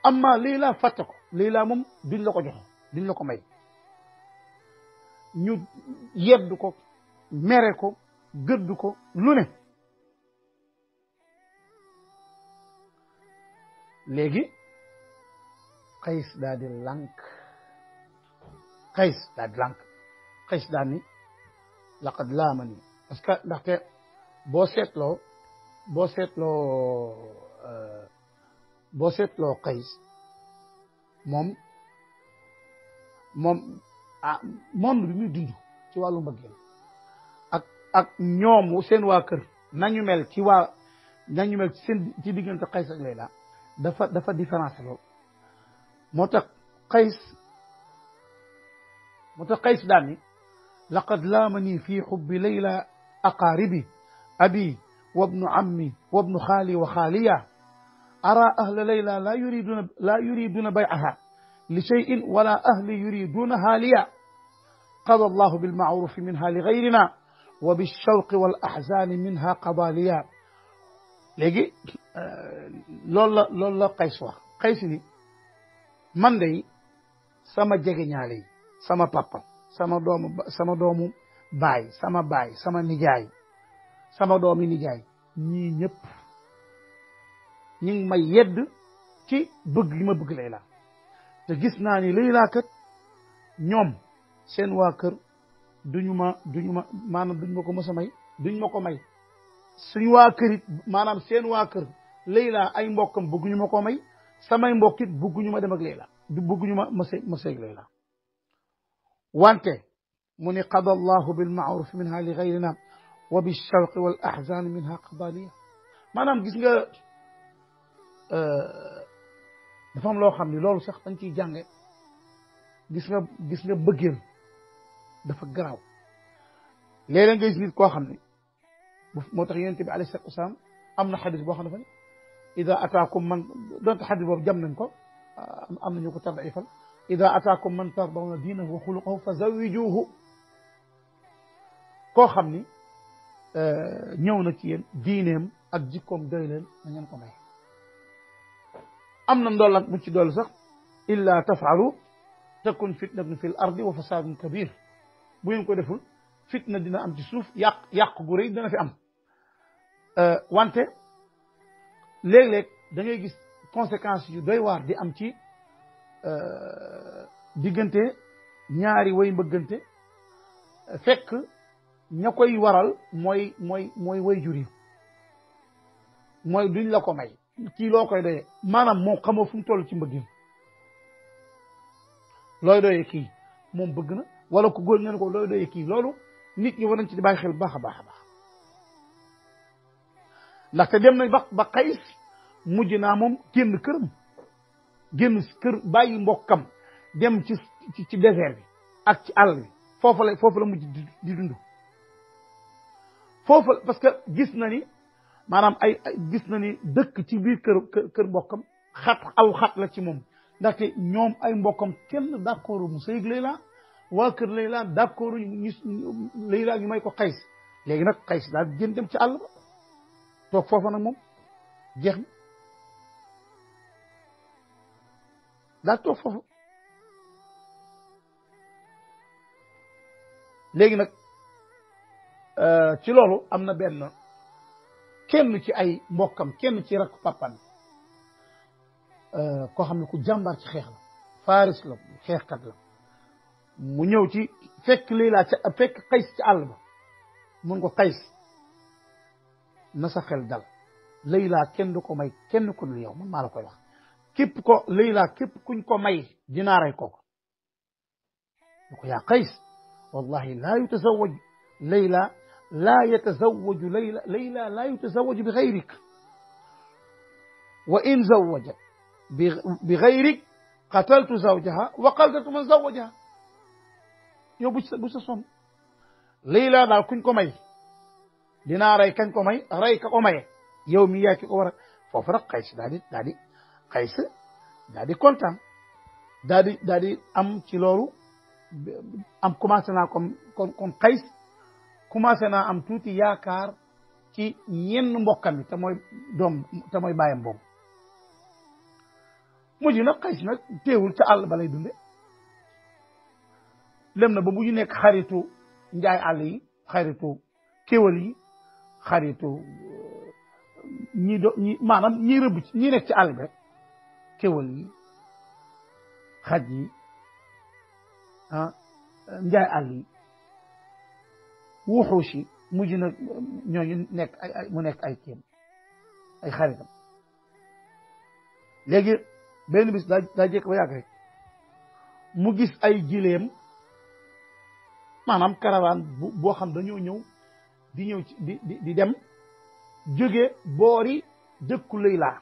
amma lii laa fàtte ko lii laa moom duñ la ko jox duñ la ko may ñu yeddu ko mere ko gëddu ko lu ne léegi xays daa di lànk xays daa di ni laqad laama nii parce que ndaxte boo seetloo boo seetloo euh, boo seetloo Qays moom moom ah monde bi muy dund ci wàllu mbëggeel ak ak ñoom seen waa kër nañu mel ci waa nañu mel ci seen ci diggante Qays ak Layla dafa dafa différence lool moo tax Qays moo tax Qays daan ni laqad laamanii fii xubbi Layla aqaaribi abi wa bnu ammi wa bnu xaali wa xaaliya أرى أهل ليلى لا يريدون لا يريدون بيعها لشيء ولا أهل يريدونها ليا قضى الله بالمعروف منها لغيرنا وبالشوق والأحزان منها قضى ليا لجي آه، لولا لولا قيسوا قيسني من دي سما جيجنالي سما بابا سما دوم سما دوم باي سما باي سما نجاي سما دومي نجاي ني نيب ñi ngi may yedd ci bëgg li ma bëgg Layla te gis naa ni Layla kat ñoom seen waa kër duñu ma duñu ma maanaam duñu ma ko mës a may duñu ma ko may suñu waa kër it maanaam seen waa kër Layla ay mbokkam bëgguñu ma ko may samay mbokk it bëgguñu ma dem ak Layla du bëgguñu ma ma ma seeg Layla wante mu ni qada allahu bilmaaruf minha li gayrina wa bilshawqi wal ahzan minha qadaniya maanaam gis nga dafa am loo xam ni sax dañ ciy jànge gis nga gis nga bëggeel dafa garaaw leeg nga gis nit koo xam ne moo tax yonent bi alayhi salaatu wasalaam am na xadis boo xam ne fa ne ida ataakum man donte xadis boobu jam nañ ko am nañu ko tadaifal ida ataakum man tardawna diinahu wa xuluqahu fa zawijuhu koo xam ni ñëw na ci yéen diineem ak jikkoom doy leen na ngeen ko may am na ndollant bu ci dool sax illa tafaalu takun fitnatun fi l ardi wa fasadun kabir bu ngeen ko deful fitna dina am ci suuf yàq yàq gu rëy dana fi am euh, wante léeg-léeg da ngay gis conséquences yu doy waar di am ci euh, diggante ñaari way bëggante fekk ña koy waral mooy mooy mooy way jur mooy duñ la ko may kii loo koy doyee maanaam moom xamoo fu mu toll ci mbëggeel looy doyee kii moom bëgg na wala ku góor ngeen ko looy doyee kii loolu nit ñi war nañ ci di bàyyi xel baax a baax a baax ndaxte dem na ba ba xayis mujj naa moom génn këram génn kër bàyyi mbokkam dem ci ci désert bi ak ci àll bi foofu la foofu la mujj di dund foofu parce que gis na ni maanaam ay gis na ni dëkk ci biir kër kër mbokkam xat aw xat la ci moom ndaxte ñoom ay mbokkam kenn d'accord mu sëyg Layla waa kër Layla d'accord ñu Layla ñu may ko Qays léegi nag Qays daal gën dem ci àll ba toog foofa nag moom jeex na daal toog foofu léegi nag euh, ci loolu am na benn kenn ci ay mbokkam kenn ci rakk papam eh, koo xam ne ku jàmbaar ci xeex la faaris la xeexkat la mu ñëw ci fekk Layla ca fekk Qays ci àll ba mun ko Qays na sa xel dal Layla kenn du ko may kenn ku lu yow man maa la koy wax képp ko Layla képp kuñ ko may dinaa rey kooku ko yaa Qays wallahi laa yutazawaj Layla لا يتزوج ليلى ليلى لا يتزوج بغيرك وإن زوج بغيرك قتلت زوجها وقلدت من زوجها يو بوس بوس صوم ليلى دا كون كوماي دينا راي كان كوماي راي كوماي يوم ياك اور ففر قيس دادي دادي قيس دادي كونتان دادي دادي ام تي لولو ام كوماسنا كوم كوم قيس commencé naa am tuuti yaakaar ki ñenn mbokkam yi te mooy doom te mooy bàyyam boobu mujj nag xëy si nag teewul ca àll balay dunde lem na ba mu ñu nekk xaritu njaay àll yi xaritu kéwal yi xaritu euh, ñi do ñi maanaam ci ñi nekk ci àll bi rek yi xaj yi ah njaay àll yi wuxuus yi mujj na ñooñu nekk ay mu nekk ay kéem ay xaritam léegi benn bis daa daa jekk ba yàgg rek mu gis ay giléem maanaam karawaan boo xam dañoo ñëw di ñëw di di dem jóge boori dëkku lay laa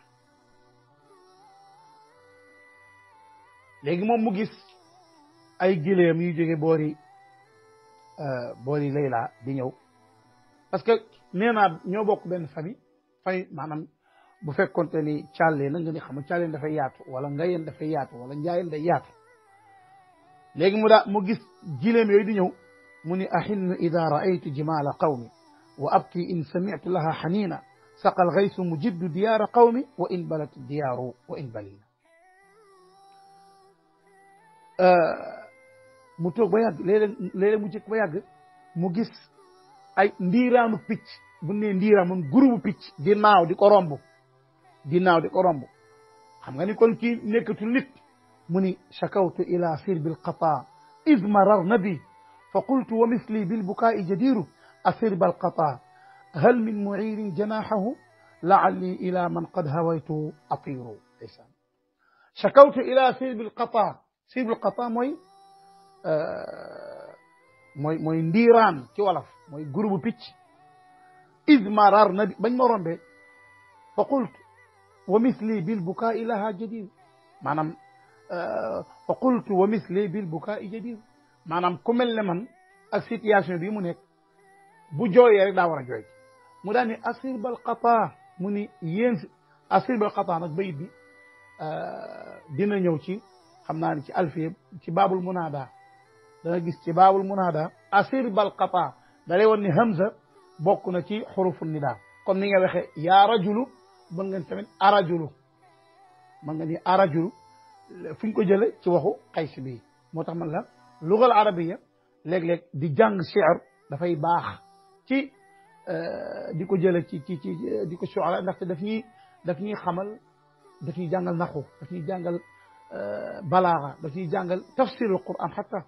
léegi moom mu gis ay gileem yu jóge boori boori Layla di ñëw parce que nee naa ñoo bokk benn famille famille maanaam bu fekkonte ni càllee na nga ni xam càlleen dafay yaatu wala ngayeen dafay yaatu wala njaayeen day yaatu léegi mu daa mu gis gileem yooyu di ñëw mu ni ahinnu ida raaytu jimaala qawmi wa abki in samitu laha xanina saqa algaysu mujiddu diyaara qawmi wa in balat diyaaru wa in balina mu toog ba yàgg léeg-léeg léeg-léeg mu jëkk ba yàgg mu gis ay ndiiraamu picc bu ne ndiiraam moom gurubu picc di naaw di ko romb di naaw di ko romb xam nga ni kon kii nekkatul nit mu ni shakawtu ila sir bil qata id mararna bi fa qultu wa misli bil bukaai jadiru asir bal qata hal min muirin janahahu لعلي إلى من قد هويت أطير شكوت إلى سيب القطاع سيب القطاع موي Euh, mooy mooy ndiiraan ci wolof mooy groupe picc ismarar na bi bañ ma rombe fa qultu wa misli bil bukaai laha jadid maanaam euh, fa qultu wa misli bil bukaai jadid maanaam ku mel ne man ak situation bii mu nekk bu jooyee rek daa war a jooy mu daal ni asir bal qataa mu ni yéen asir bal qataa nag bayit bi euh, dina ñëw ci xam naa ne ci alfiya ci baabul munaada da nga gis ci baabul munada asir bal qata da lay won ni hamza bokk na ci xurufu nida comme ni nga waxee yaa rajulu mën nga tamit arajulu mën nga ni arajulu fu ñu ko jële ci waxu qays bi moo tax man la lugal arabiya léeg-léeg di jàng shi'r dafay baax ci di ko jële ci ci ci di ko suala ndaxte daf ñuy daf ñuy xamal daf ñuy jàngal naqu daf ñuy jàngal balaaga daf ñuy jàngal tafsirul quran xata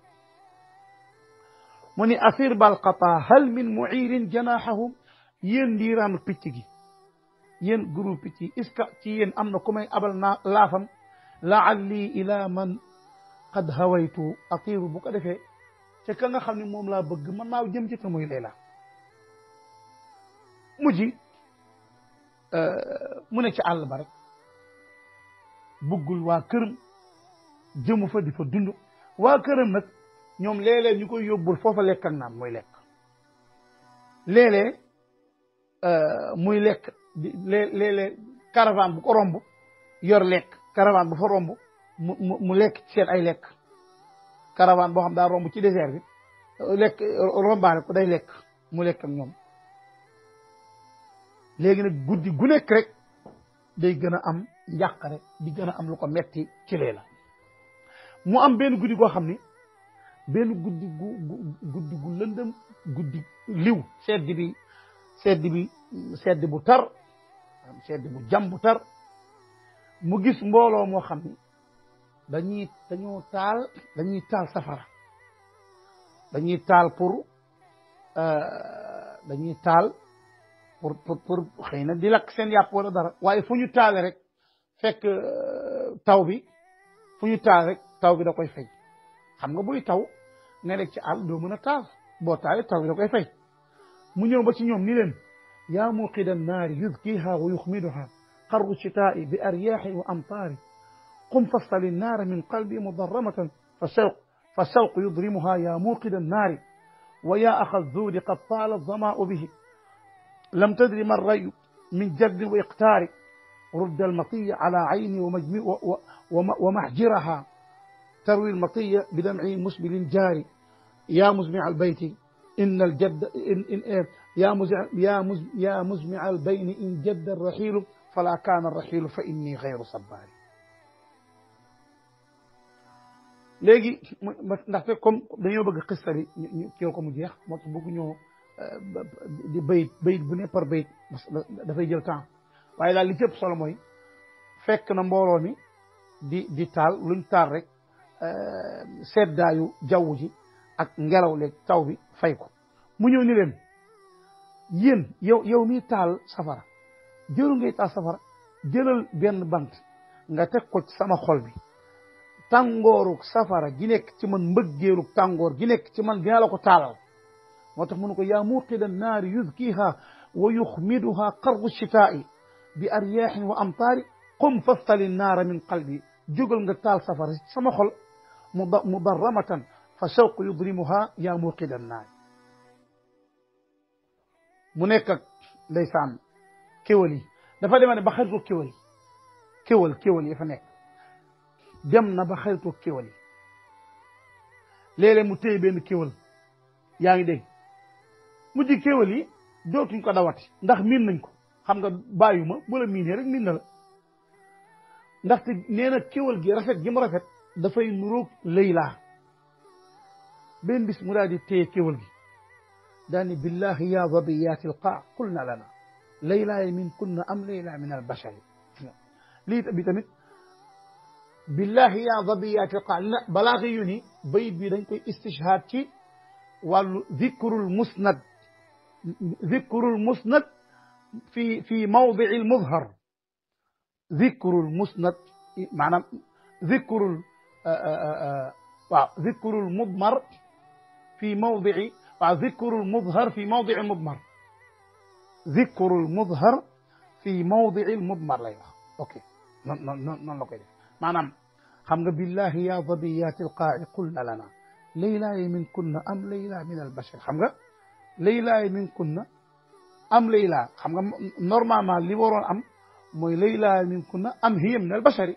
مني أثير بالقطا هل من معير جناحهم ين ديران بيتي ين غرو بيتي اسكا تي ين امنا كومي ابل نا لعلي الى من قد هويت اطير بوكا دفي تي كاغا خامني موم لا بغ من ماو جيم تي تموي ليلا مجي ا أه، مونيتي الله بارك بوغول وا كرم جيمو فدي فا دوندو وا كرم نك ñoom léeg-léeg ñu koy yóbbul foofa lekk ak naan muy lekk léeg euh, muy lekk léeg-léeg bu ko romb yor lekk caravane bu fa romb mu mu lekk ci seen ay lekk caravane boo xam daa romb ci désert bi euh, lekk rombaale ko day lekk mu lekk ak ñoom léegi nag guddi gu nekk rek day gën a am njàqare di gën a am lu ko metti ci lee la mu am benn guddi goo xam ni benn guddi gu guddi gu lëndëm guddi liw sedd bi sedd bi sedd bu tar sedd bu jam bu tar mu gis mbooloo moo xam ni dañuy dañoo taal dañuy taal safara dañuy taal pour euh, dañuy taal pour pour pour xëy na di lakk seen yàpp wala dara waaye fu ñu taale rek fekk euh, taw bi fu ñu taal rek taw bi da koy fay xam nga buy taw nga nekk ci àll doo mën a taal boo taalee taw bi da koy fay mu ñëw ba ci ñoom ni leen yaa muqida annaari yudkiha wa yuxmiduha قرب الشتاء بأرياح وأمطار قم فاصطل النار من قلبي مضرمة فالشوق فالشوق يضرمها يا موقد النار ويا أخ الذود قد طال الظماء به لم تدر ما الري من جد وإقتار رد المطية على عيني ومحجرها تروي المطية بدمع مسبل جاري يا مزمع البيت إن الجد إن إن إيه يا مزع يا مز يا مزمع البين إن جد الرحيل فلا كان الرحيل فإني غير صبار لجي نحتكم دنيو بقى قصة لي كيوكم جيه ما تبغونه آه، دي بيت بيت بني بر بيت بس دفعي جل كام لجيب سلامي فك نمبرومي دي دي تال لنتارك Euh, seddaayu jaww ji ak ngelaw leeg taw bi fay ko mu ñëw ni leen yéen yow yow mi taal safara jëru ngay taal safara jëlal benn bant nga teg ko ci sama xol bi tàngooru safara gi nekk ci man mbëggeelu tàngoor gi nekk ci man dinaa la ko taalal moo tax mënu ko yaa muqida naari yuzkiha wa yuxmiduha qarru chitaai bi aryaahin wa amtaari qum fastali naara min qalbi jógal nga taal safara sama xol مبرمة فالشوق يضرمها يا موقد النار mu nekk ak ndeysaan kéwal yi dafa demee ne ba xaritu kéwal yi kéwal kéwal yi fa nekk dem na ba xaritu kéwal yi léeg mu téye benn kéwal yaa ngi dégg mujj kéwal yi dootuñ ko dawati ndax miin nañ ko xam nga bàyyu ma bu la miinee rek miin na la ndaxte nee na kéwal gi rafet gi mu rafet dafay nuróog Layla benn bis mu daal di téye kéwal gi daal ni billahi ya zabiyaati alqaa qulna lana Layla min kunna am Layla min albashari lii bi tamit billahi ya zabiyaati alqaa balaaxi yu ni bayit bi dañ koy istishhaad ci wàllu zikrul musnad zikrul musnad في في موضع المظهر ذكر المسند معنى ذكر آه، آه، آه، ذكر المضمر في موضع ذكر المظهر في موضع المضمر ذكر المظهر في موضع المضمر لا اوكي نلقى معنى خمغ بالله يا ظبيات القاع قلنا لنا ليلى من كنا ام ليلى من البشر خمغ ليلى من كنا ام ليلى خمغ نورمال ما لي ام مو ليلى من كنا ام هي من البشر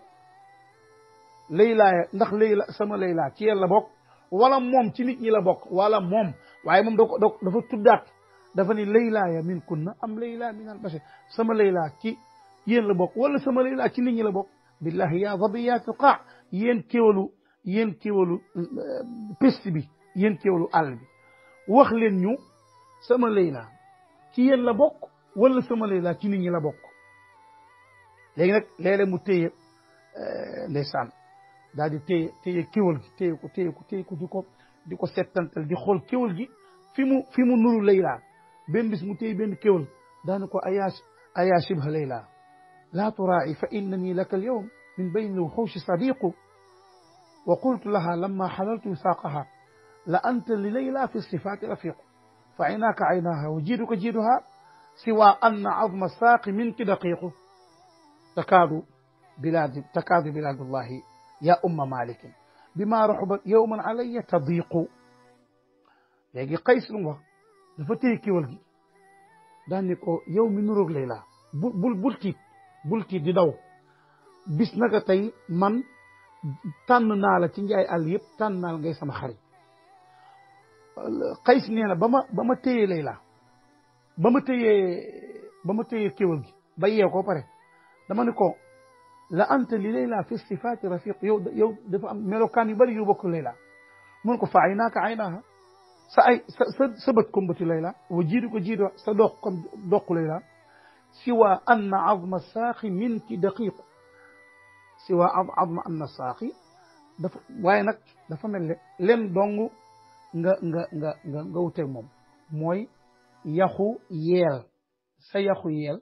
leila ndax leila sama leila ci yàlla bokk wala moom ci nit ñi la bokk wala moom waaye moom dako da dafa tuddaat dafa ni laylaaya min kunna am layla min al bashar sama layla ci yéen la bokk wala sama layla ci nit ñi la bokk billahi ya zabiyatu qa yéen kéwalu yéen kéwalu peste bi yéen kéwalu àll bi wax leen ñu sama layla ci yéen la bokk wala sama layla ci nit ñi la bokk léegi nag léeg-léeg mu téye ndeysaan daal di téye téye kéwal gi téye ko téye ko téye ko di ko di ko settantal di xool kéwal gi fi mu fi mu nuru layla benn bis mu téye benn kéwal daanu ko ayaa ayaa shibha layla laa turaa'i fa innani laka alyawm min bayni wuxuushi sadiqu wa qultu laha lamma xalaltu wisaaqaha la anta li layla fi sifaati rafiqu fa aynaaka aynaaha wa jiiduka jiiduha siwa anna azma saaqi minki daqiqu takaadu bilaadi takaadu bilaadullahi yaa umma malikin bima raxubat yowman alayya tadiqu léegi Qays lu mu wax dafa téye kéwal gi daan ni ko yow mi nuróog Layla bu bul bul tiit bul tiit di daw bis naka tey man tànn naa la ci njaay àll yëpp tànn naa la ngay sama xarit Qays nee na ba ma ba ma téyee Layla ba ma téyee ba ma téyee kéwal gi ba yeew ko pare dama ni ko لأنت لليلى في الصفات رفيق يو يو ملو كان يو يبوك ليلى منك فعيناك عيناها سأي سبت كمبة ليلى وجيرك جيرك صدق كم دوق ليلى سوى أن عظم الساقي منك دقيق سوى عظم أن الساقي دف وينك دف من لين ne len dong nga nga nga nga nga wuteeg moom mooy yaxu yeel sa yaxu yeel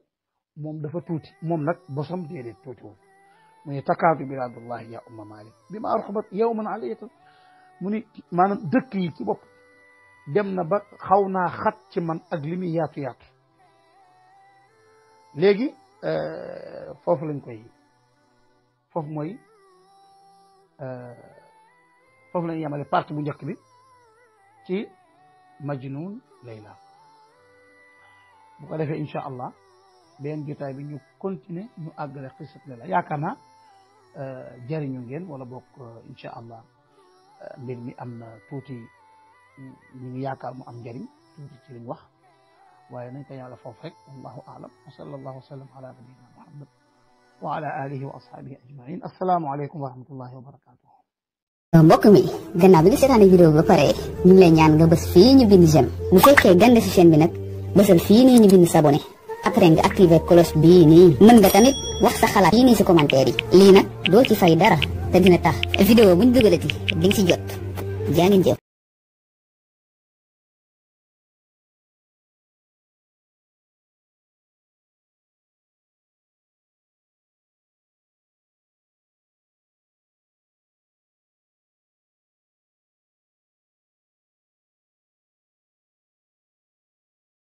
moom dafa tuuti moom nag bosom déedéet tuutiwul من يتكا في بلاد الله يا أم مالك بما رحبت يوما علي مني ما ندكي كبب دمنا بق خونا خط من أجلمي يا ياتو لجي آه، فوفلن كوي فوف موي آه، فوفلن يعمل بارت بو جاك بي مجنون ليلى بو ان شاء الله بين جوتاي بي كنتني كونتيني قصه ليلى ياكنا Euh, jëriñu ngeen wala bokk euh, incha allah euh, mbir mi am na tuuti ñu ngi yaakaar mu am njëriñ tuuti ci liñ wax waaye nañ ko yàlla foofu rek wallahu aalam wa sallallahu wasallam ala nabiyina muhammad wa ala alihi wa ashabihi ajmain assalaamu aleykum wa rahmatullahi wa barakatuh ah, mbokk mi gannaaw bi nga seetaane vidéo bi ba pare ñu ngi lay ñaan nga bës fii ñu bind jëm bu fekkee gande si chaîne bi nag bësal fii nii ñu bind s'abonner après nga activer colos bii nii mën nga tamit wax sa xalaat yi ni si commentaire li nak do ci fay dara te dina tax video buñ dugalati ding ci jot jangin ngeen